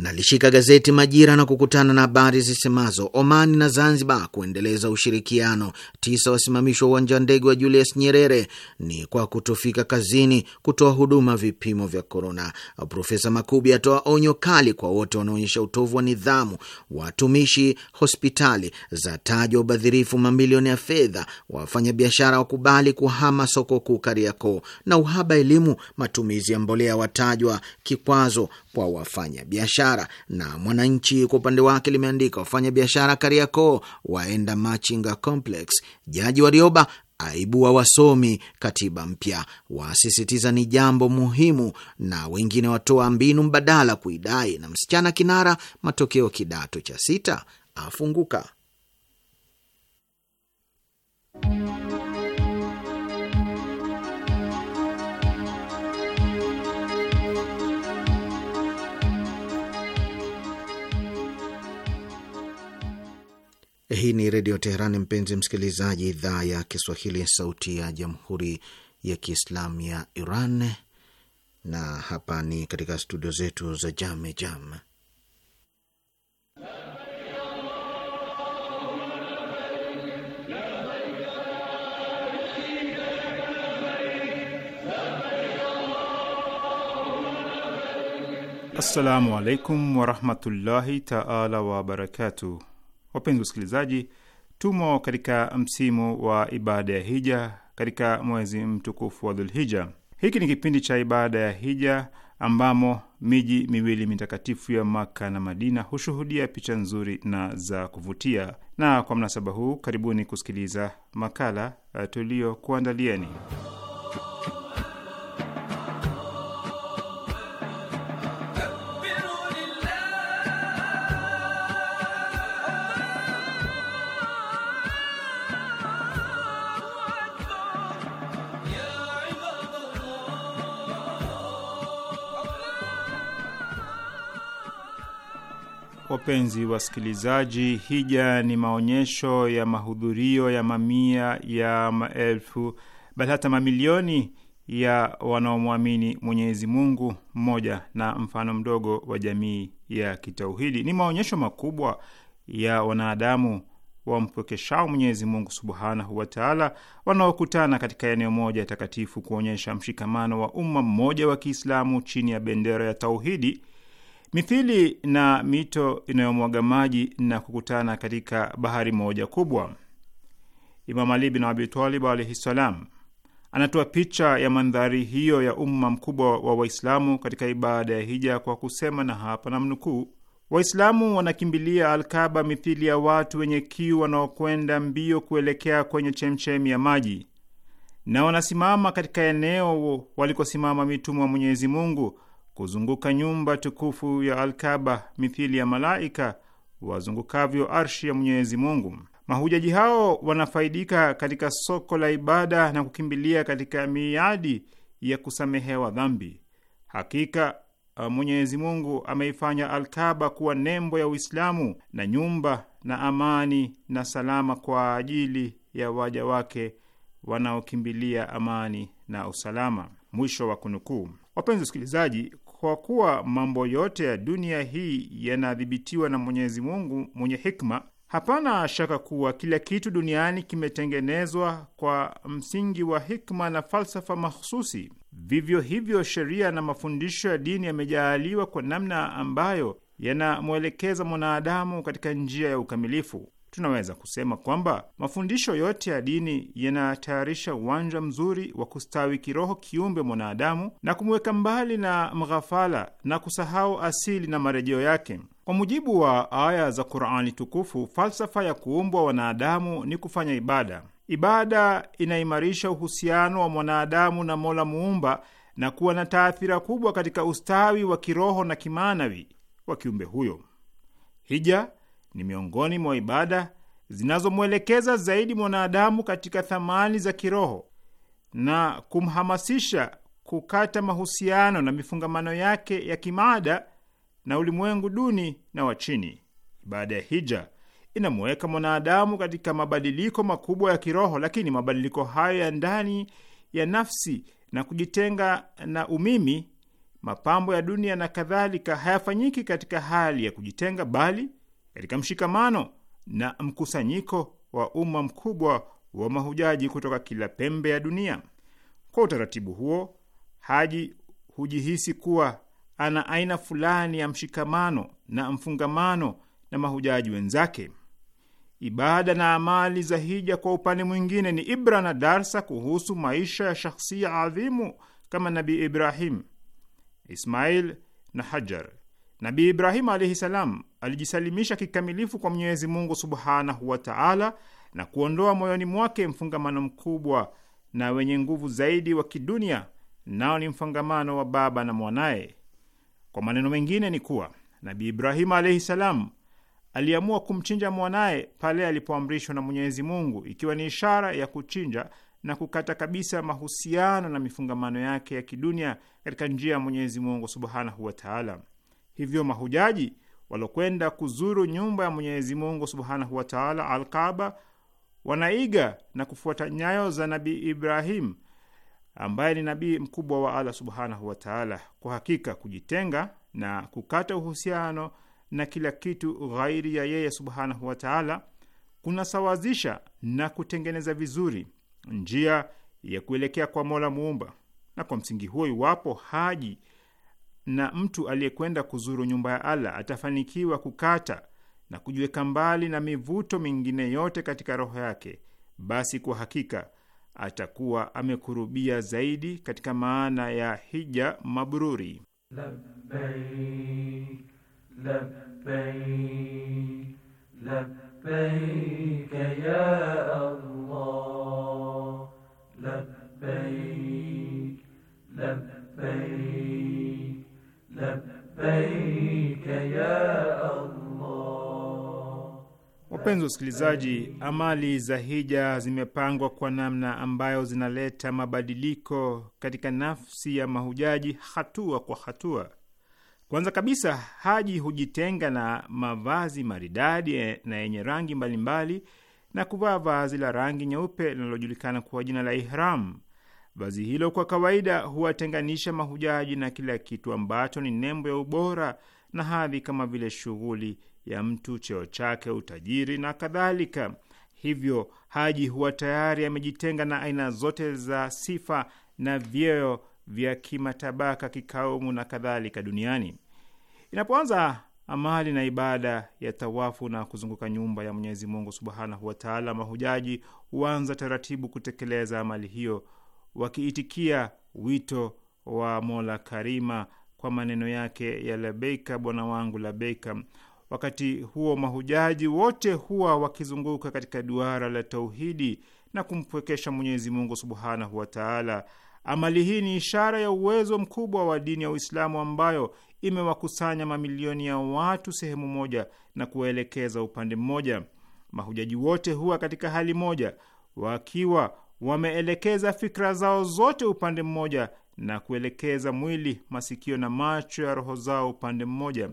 nalishika gazeti Majira na kukutana na habari zisemazo Omani na Zanzibar kuendeleza ushirikiano. Tisa wasimamishwa uwanja wa ndege wa Julius Nyerere ni kwa kutofika kazini kutoa huduma vipimo vya korona. Profesa Makubi atoa onyo kali kwa wote wanaonyesha utovu wa nidhamu. Watumishi hospitali za tajwa ubadhirifu mamilioni ya fedha. Wafanyabiashara wakubali kuhama soko kuu Kariakoo, na uhaba elimu matumizi ya mbolea watajwa kikwazo kwa wafanyabiashara biashara. Na Mwananchi kwa upande wake limeandika wafanya biashara Kariakoo waenda Machinga Complex, Jaji Warioba aibua wasomi katiba mpya, wasisitiza ni jambo muhimu, na wengine watoa mbinu mbadala kuidai, na msichana kinara matokeo kidato cha sita afunguka. Hii ni Redio Teherani, mpenzi msikilizaji, idhaa ya Kiswahili, sauti ya jamhuri ya kiislamu ya Iran, na hapa ni katika studio zetu za Jame Jam. Assalamu alaikum warahmatullahi taala wabarakatuh. Wapenzi wasikilizaji, tumo katika msimu wa ibada ya hija katika mwezi mtukufu wa Dhulhija. Hiki ni kipindi cha ibada ya hija ambamo miji miwili mitakatifu ya Maka na Madina hushuhudia picha nzuri na za kuvutia. Na kwa mnasaba huu, karibuni kusikiliza makala eh, tuliyokuandalieni. wapenzi wasikilizaji, hija ni maonyesho ya mahudhurio ya mamia ya maelfu, bali hata mamilioni ya wanaomwamini Mwenyezi Mungu mmoja na mfano mdogo wa jamii ya kitauhidi. Ni maonyesho makubwa ya wanadamu wampwekeshao Mwenyezi Mungu subhanahu wataala, wanaokutana katika eneo moja takatifu kuonyesha mshikamano wa umma mmoja wa Kiislamu chini ya bendera ya tauhidi mithili na mito inayomwaga maji na kukutana katika bahari moja kubwa. Imam Ali bin Abi Talib alaihi ssalam anatoa picha ya mandhari hiyo ya umma mkubwa wa Waislamu katika ibada ya hija kwa kusema, na hapa na mnukuu Waislamu wanakimbilia Alkaba mithili ya watu wenye kiu wanaokwenda mbio kuelekea kwenye chemchemi ya maji, na wanasimama katika eneo walikosimama mitume wa Mwenyezi Mungu kuzunguka nyumba tukufu ya Alkaba mithili ya malaika wazungukavyo arshi ya Mwenyezi Mungu. Mahujaji hao wanafaidika katika soko la ibada na kukimbilia katika miadi ya kusamehewa dhambi. Hakika uh, Mwenyezi Mungu ameifanya Alkaba kuwa nembo ya Uislamu na nyumba na amani na salama kwa ajili ya waja wake wanaokimbilia amani na usalama. Mwisho wa kunukuu. Wapenzi wasikilizaji, kwa kuwa mambo yote ya dunia hii yanadhibitiwa na Mwenyezi Mungu mwenye hikma, hapana shaka kuwa kila kitu duniani kimetengenezwa kwa msingi wa hikma na falsafa makhususi Vivyo hivyo, sheria na mafundisho ya dini yamejaaliwa kwa namna ambayo yanamwelekeza mwanadamu katika njia ya ukamilifu tunaweza kusema kwamba mafundisho yote ya dini yanatayarisha uwanja mzuri wa kustawi kiroho kiumbe mwanadamu na kumweka mbali na mghafala na kusahau asili na marejeo yake. Kwa mujibu wa aya za Qur'ani tukufu, falsafa ya kuumbwa wanadamu ni kufanya ibada. Ibada inaimarisha uhusiano wa mwanadamu na Mola muumba na kuwa na taathira kubwa katika ustawi wa kiroho na kimaanawi wa kiumbe huyo. Hija ni miongoni mwa ibada zinazomwelekeza zaidi mwanadamu katika thamani za kiroho na kumhamasisha kukata mahusiano na mifungamano yake ya kimaada na ulimwengu duni na wa chini. Ibada ya hija inamuweka mwanadamu katika mabadiliko makubwa ya kiroho, lakini mabadiliko hayo ya ndani ya nafsi na kujitenga na umimi, mapambo ya dunia na kadhalika, hayafanyiki katika hali ya kujitenga, bali katika mshikamano na mkusanyiko wa umma mkubwa wa mahujaji kutoka kila pembe ya dunia. Kwa utaratibu huo, haji hujihisi kuwa ana aina fulani ya mshikamano na mfungamano na mahujaji wenzake. Ibada na amali za hija, kwa upande mwingine, ni ibra na darsa kuhusu maisha ya shakhsia adhimu kama Nabi Ibrahim, Ismail na Hajar. Nabii Ibrahimu alaihi salam alijisalimisha kikamilifu kwa Mwenyezi Mungu subhanahu wa taala na kuondoa moyoni mwake mfungamano mkubwa na wenye nguvu zaidi wa kidunia, nao ni mfungamano wa baba na mwanaye. Kwa maneno mengine ni kuwa Nabii Ibrahimu alaihi salam aliamua kumchinja mwanaye pale alipoamrishwa na Mwenyezi Mungu, ikiwa ni ishara ya kuchinja na kukata kabisa mahusiano na mifungamano yake ya kidunia katika njia ya Mwenyezi Mungu subhanahu wa taala. Hivyo mahujaji waliokwenda kuzuru nyumba ya Mwenyezi Mungu subhanahu wa taala, Alkaba, wanaiga na kufuata nyayo za Nabii Ibrahim ambaye ni nabii mkubwa wa Allah subhanahu wa taala. Kwa hakika kujitenga na kukata uhusiano na kila kitu ghairi ya yeye subhanahu wa taala kunasawazisha na kutengeneza vizuri njia ya kuelekea kwa Mola Muumba. Na kwa msingi huo, iwapo haji na mtu aliyekwenda kuzuru nyumba ya Allah atafanikiwa kukata na kujiweka mbali na mivuto mingine yote katika roho yake, basi kwa hakika atakuwa amekurubia zaidi katika maana ya hija mabruri. Labbaik, labbaik, labbaik ya Allah, labbaik, labbaik Wapenzi wasikilizaji, amali za hija zimepangwa kwa namna ambayo zinaleta mabadiliko katika nafsi ya mahujaji hatua kwa hatua. Kwanza kabisa, haji hujitenga na mavazi maridadi na yenye rangi mbalimbali na kuvaa vazi la rangi nyeupe linalojulikana kwa jina la ihram. Vazi hilo kwa kawaida huwatenganisha mahujaji na kila kitu ambacho ni nembo ya ubora na hadhi, kama vile shughuli ya mtu, cheo chake, utajiri na kadhalika. Hivyo haji huwa tayari amejitenga na aina zote za sifa na vyeo vya kimatabaka, kikaumu na kadhalika duniani. Inapoanza amali na ibada ya tawafu na kuzunguka nyumba ya Mwenyezi Mungu subhanahu wataala, mahujaji huanza taratibu kutekeleza amali hiyo wakiitikia wito wa Mola Karima kwa maneno yake ya labeika bwana wangu labeika. Wakati huo mahujaji wote huwa wakizunguka katika duara la tauhidi na kumpwekesha Mwenyezi Mungu subhanahu wa taala. Amali hii ni ishara ya uwezo mkubwa wa dini ya Uislamu ambayo imewakusanya mamilioni ya watu sehemu moja na kuwaelekeza upande mmoja. Mahujaji wote huwa katika hali moja, wakiwa wameelekeza fikra zao zote upande mmoja na kuelekeza mwili, masikio na macho ya roho zao upande mmoja.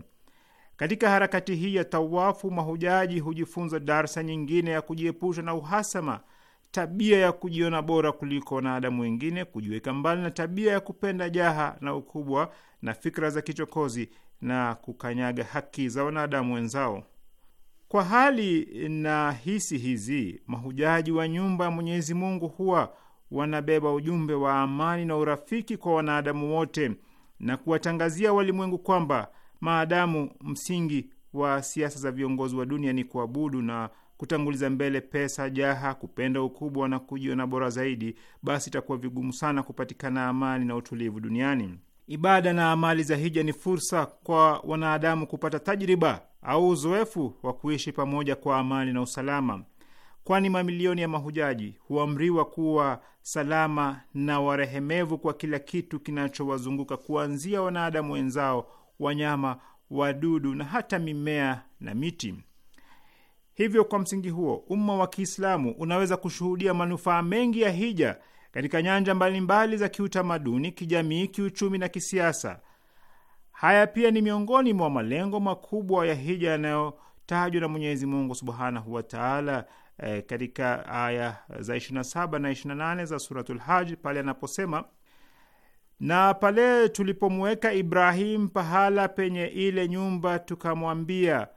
Katika harakati hii ya tawafu, mahujaji hujifunza darsa nyingine ya kujiepusha na uhasama, tabia ya kujiona bora kuliko wanadamu wengine, kujiweka mbali na tabia ya kupenda jaha na ukubwa na fikra za kichokozi na kukanyaga haki za wanadamu wenzao. Kwa hali na hisi hizi, mahujaji wa nyumba ya Mwenyezi Mungu huwa wanabeba ujumbe wa amani na urafiki kwa wanadamu wote na kuwatangazia walimwengu kwamba maadamu msingi wa siasa za viongozi wa dunia ni kuabudu na kutanguliza mbele pesa, jaha, kupenda ukubwa na kujiona bora zaidi, basi itakuwa vigumu sana kupatikana amani na utulivu duniani ibada na amali za hija ni fursa kwa wanadamu kupata tajriba au uzoefu wa kuishi pamoja kwa amani na usalama, kwani mamilioni ya mahujaji huamriwa kuwa salama na warehemevu kwa kila kitu kinachowazunguka kuanzia wanadamu wenzao, wanyama, wadudu na hata mimea na miti. Hivyo, kwa msingi huo, umma wa Kiislamu unaweza kushuhudia manufaa mengi ya hija katika nyanja mbalimbali za kiutamaduni, kijamii, kiuchumi na kisiasa. Haya pia ni miongoni mwa malengo makubwa ya hija yanayotajwa na Mwenyezi Mungu subhanahu wataala eh, katika aya za 27 na 28 za Suratul Haj pale anaposema na pale tulipomweka Ibrahim pahala penye ile nyumba, tukamwambia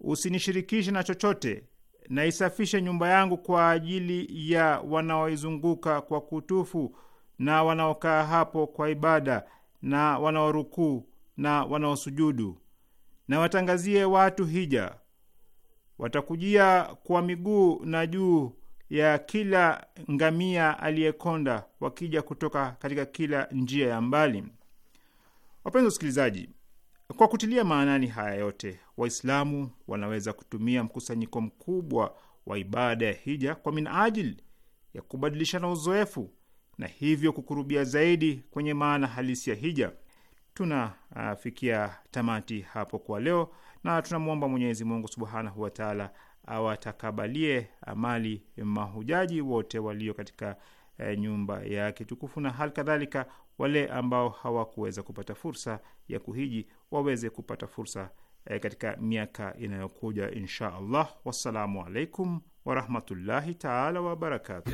usinishirikishe na chochote, naisafishe nyumba yangu kwa ajili ya wanaoizunguka kwa kutufu na wanaokaa hapo kwa ibada na wanaorukuu na wanaosujudu, na watangazie watu hija. Watakujia kwa miguu na juu ya kila ngamia aliyekonda, wakija kutoka katika kila njia ya mbali. Wapenzi wasikilizaji, kwa kutilia maanani haya yote, Waislamu wanaweza kutumia mkusanyiko mkubwa wa ibada ya hija kwa minajili ya kubadilishana uzoefu na hivyo kukurubia zaidi kwenye maana halisi ya hija. Tunafikia tamati hapo kwa leo, na tunamwomba Mwenyezi Mungu subhanahu wataala awatakabalie amali mahujaji wote walio katika e, nyumba yake tukufu, na hali kadhalika wale ambao hawakuweza kupata fursa ya kuhiji waweze kupata fursa e, katika miaka inayokuja insha Allah. Wassalamu alaikum warahmatullahi taala wabarakatuh.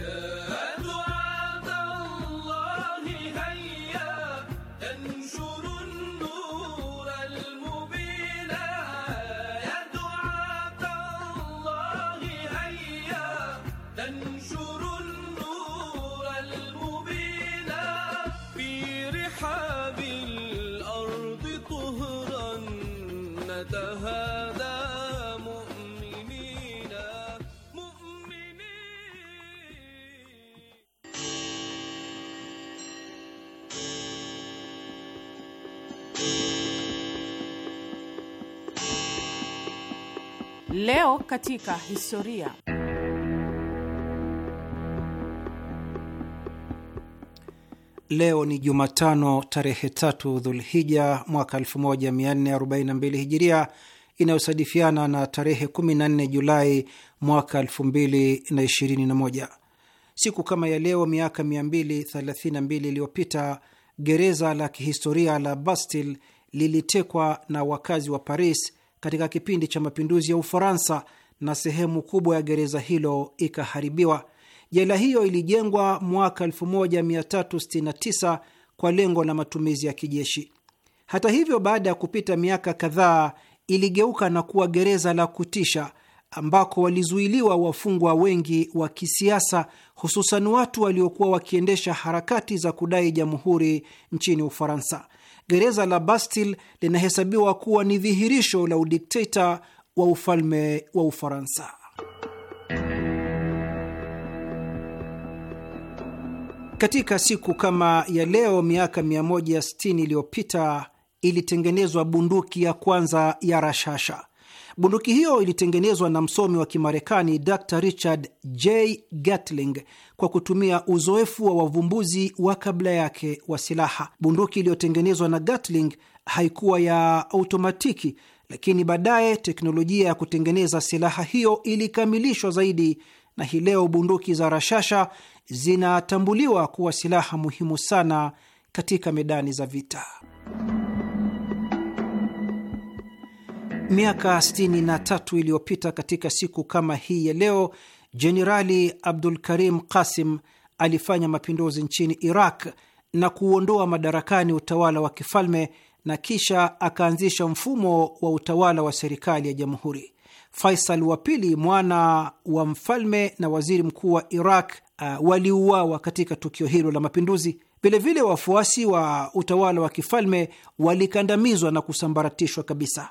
Leo katika historia. Leo ni Jumatano tarehe tatu Dhulhija mwaka 1442 Hijiria, inayosadifiana na tarehe 14 Julai mwaka 2021. Siku kama ya leo miaka 232 iliyopita gereza la kihistoria la Bastille lilitekwa na wakazi wa Paris katika kipindi cha mapinduzi ya Ufaransa na sehemu kubwa ya gereza hilo ikaharibiwa. Jela hiyo ilijengwa mwaka 1369 kwa lengo la matumizi ya kijeshi. Hata hivyo, baada ya kupita miaka kadhaa, iligeuka na kuwa gereza la kutisha ambako walizuiliwa wafungwa wengi wa kisiasa, hususan watu waliokuwa wakiendesha harakati za kudai jamhuri nchini Ufaransa gereza la Bastille linahesabiwa kuwa ni dhihirisho la udikteta wa ufalme wa Ufaransa. Katika siku kama ya leo miaka 160 iliyopita ilitengenezwa bunduki ya kwanza ya rashasha. Bunduki hiyo ilitengenezwa na msomi wa Kimarekani Dr Richard J Gatling kwa kutumia uzoefu wa wavumbuzi wa kabla yake wa silaha. Bunduki iliyotengenezwa na Gatling haikuwa ya automatiki, lakini baadaye teknolojia ya kutengeneza silaha hiyo ilikamilishwa zaidi na hii leo bunduki za rashasha zinatambuliwa kuwa silaha muhimu sana katika medani za vita. Miaka 63 iliyopita katika siku kama hii ya leo, Jenerali Abdul Karim Qasim alifanya mapinduzi nchini Iraq na kuuondoa madarakani utawala wa kifalme na kisha akaanzisha mfumo wa utawala wa serikali ya jamhuri. Faisal wa pili, mwana wa mfalme na waziri mkuu wa Iraq, uh, waliuawa katika tukio hilo la mapinduzi. Vilevile wafuasi wa utawala wa kifalme walikandamizwa na kusambaratishwa kabisa.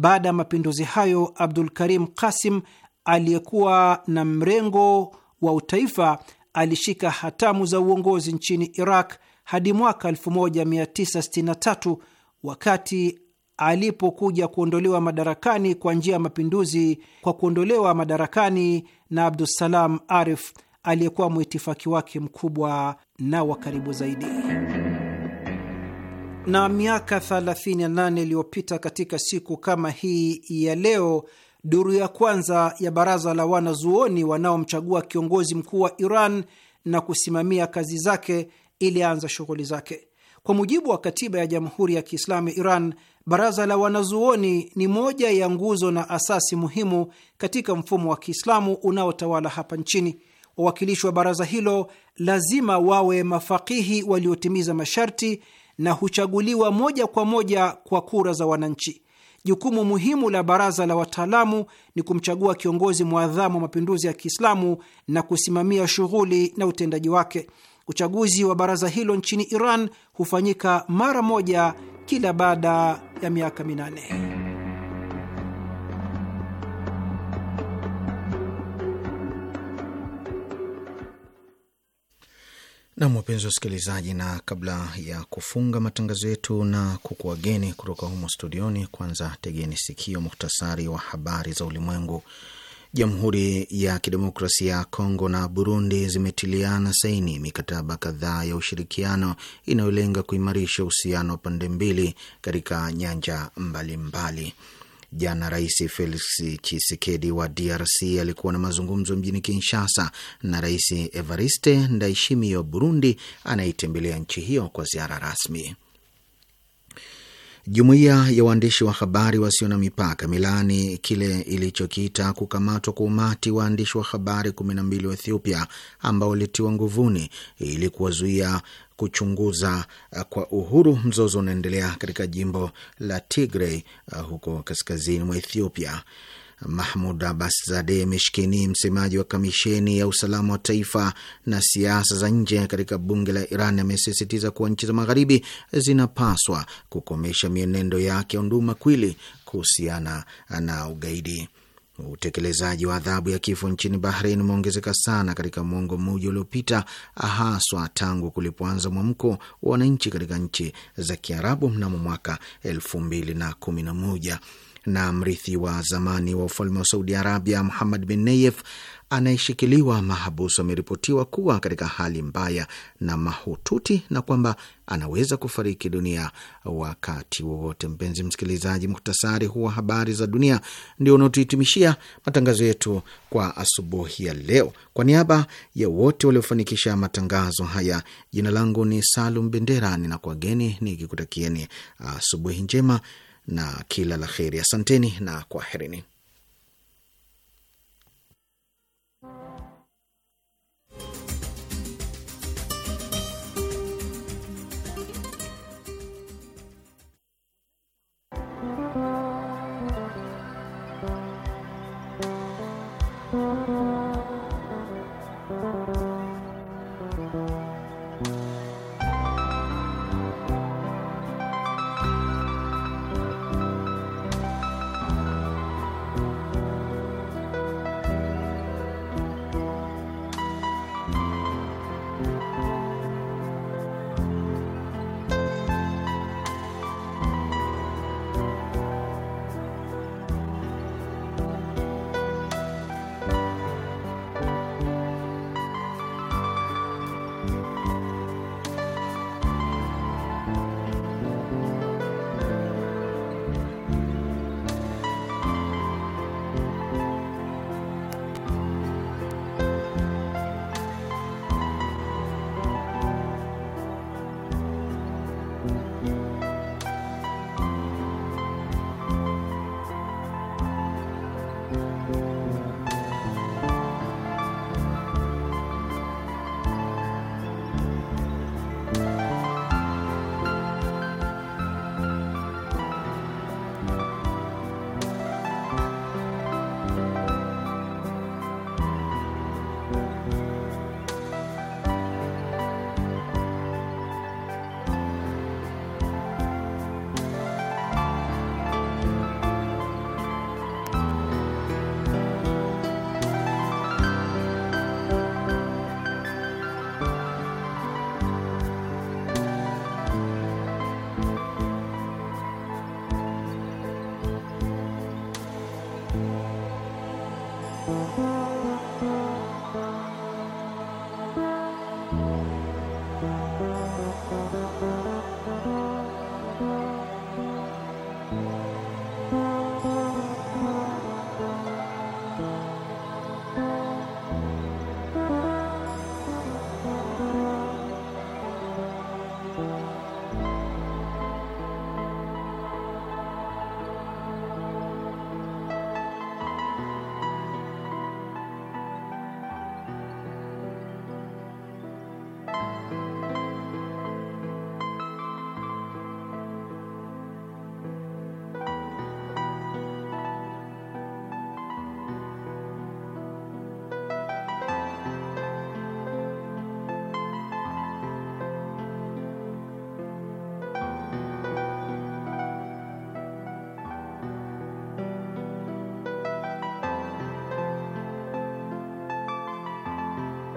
Baada ya mapinduzi hayo, Abdul Karim Qasim aliyekuwa na mrengo wa utaifa alishika hatamu za uongozi nchini Iraq hadi mwaka 1963 wakati alipokuja kuondolewa madarakani kwa njia ya mapinduzi kwa kuondolewa madarakani na Abdusalam Arif aliyekuwa mwitifaki wake mkubwa na wa karibu zaidi. Na miaka 38 iliyopita katika siku kama hii ya leo, duru ya kwanza ya baraza la wanazuoni wanaomchagua kiongozi mkuu wa Iran na kusimamia kazi zake ilianza shughuli zake. Kwa mujibu wa katiba ya Jamhuri ya Kiislamu ya Iran, baraza la wanazuoni ni moja ya nguzo na asasi muhimu katika mfumo wa Kiislamu unaotawala hapa nchini. Wawakilishi wa baraza hilo lazima wawe mafakihi waliotimiza masharti na huchaguliwa moja kwa moja kwa kura za wananchi. Jukumu muhimu la baraza la wataalamu ni kumchagua kiongozi mwadhamu wa mapinduzi ya Kiislamu na kusimamia shughuli na utendaji wake. Uchaguzi wa baraza hilo nchini Iran hufanyika mara moja kila baada ya miaka minane. Nam, wapenzi wasikilizaji, na kabla ya kufunga matangazo yetu na kukuwageni kutoka humo studioni, kwanza tegeni sikio muhtasari wa habari za ulimwengu. Jamhuri ya Kidemokrasia ya Kongo na Burundi zimetiliana saini mikataba kadhaa ya ushirikiano inayolenga kuimarisha uhusiano wa pande mbili katika nyanja mbalimbali mbali. Jana Rais Felix chisekedi wa DRC alikuwa na mazungumzo mjini Kinshasa na Rais Evariste Ndayishimiye wa Burundi anayetembelea nchi hiyo kwa ziara rasmi. Jumuiya ya waandishi wa habari wasio na mipaka milani kile ilichokiita kukamatwa kwa umati waandishi wa habari kumi na mbili wa Ethiopia ambao walitiwa nguvuni ili kuwazuia kuchunguza eh, kwa uhuru mzozo unaendelea katika jimbo la Tigray eh, huko kaskazini mwa Ethiopia. Mahmud Abbas Zade Mishkini, msemaji wa kamisheni ya usalama wa taifa na siasa za nje katika bunge la Iran, amesisitiza kuwa nchi za magharibi zinapaswa kukomesha mienendo yake ya unduma kwili kuhusiana na ugaidi. Utekelezaji wa adhabu ya kifo nchini Bahrein umeongezeka sana katika mwongo mmoja uliopita, haswa tangu kulipoanza mwamko wa wananchi katika nchi za Kiarabu mnamo mwaka elfu mbili na kumi na moja na mrithi wa zamani wa ufalme wa Saudi Arabia Muhammad bin Nayef anayeshikiliwa mahabusu ameripotiwa kuwa katika hali mbaya na mahututi na kwamba anaweza kufariki dunia wakati wowote. Mpenzi msikilizaji, muktasari huwa habari za dunia ndio unaotuhitimishia matangazo yetu kwa asubuhi ya leo. Kwa niaba ya wote waliofanikisha matangazo haya, jina langu ni Salum Bendera, ninakuwageni nikikutakieni asubuhi njema na kila la heri. Asanteni na kwaherini.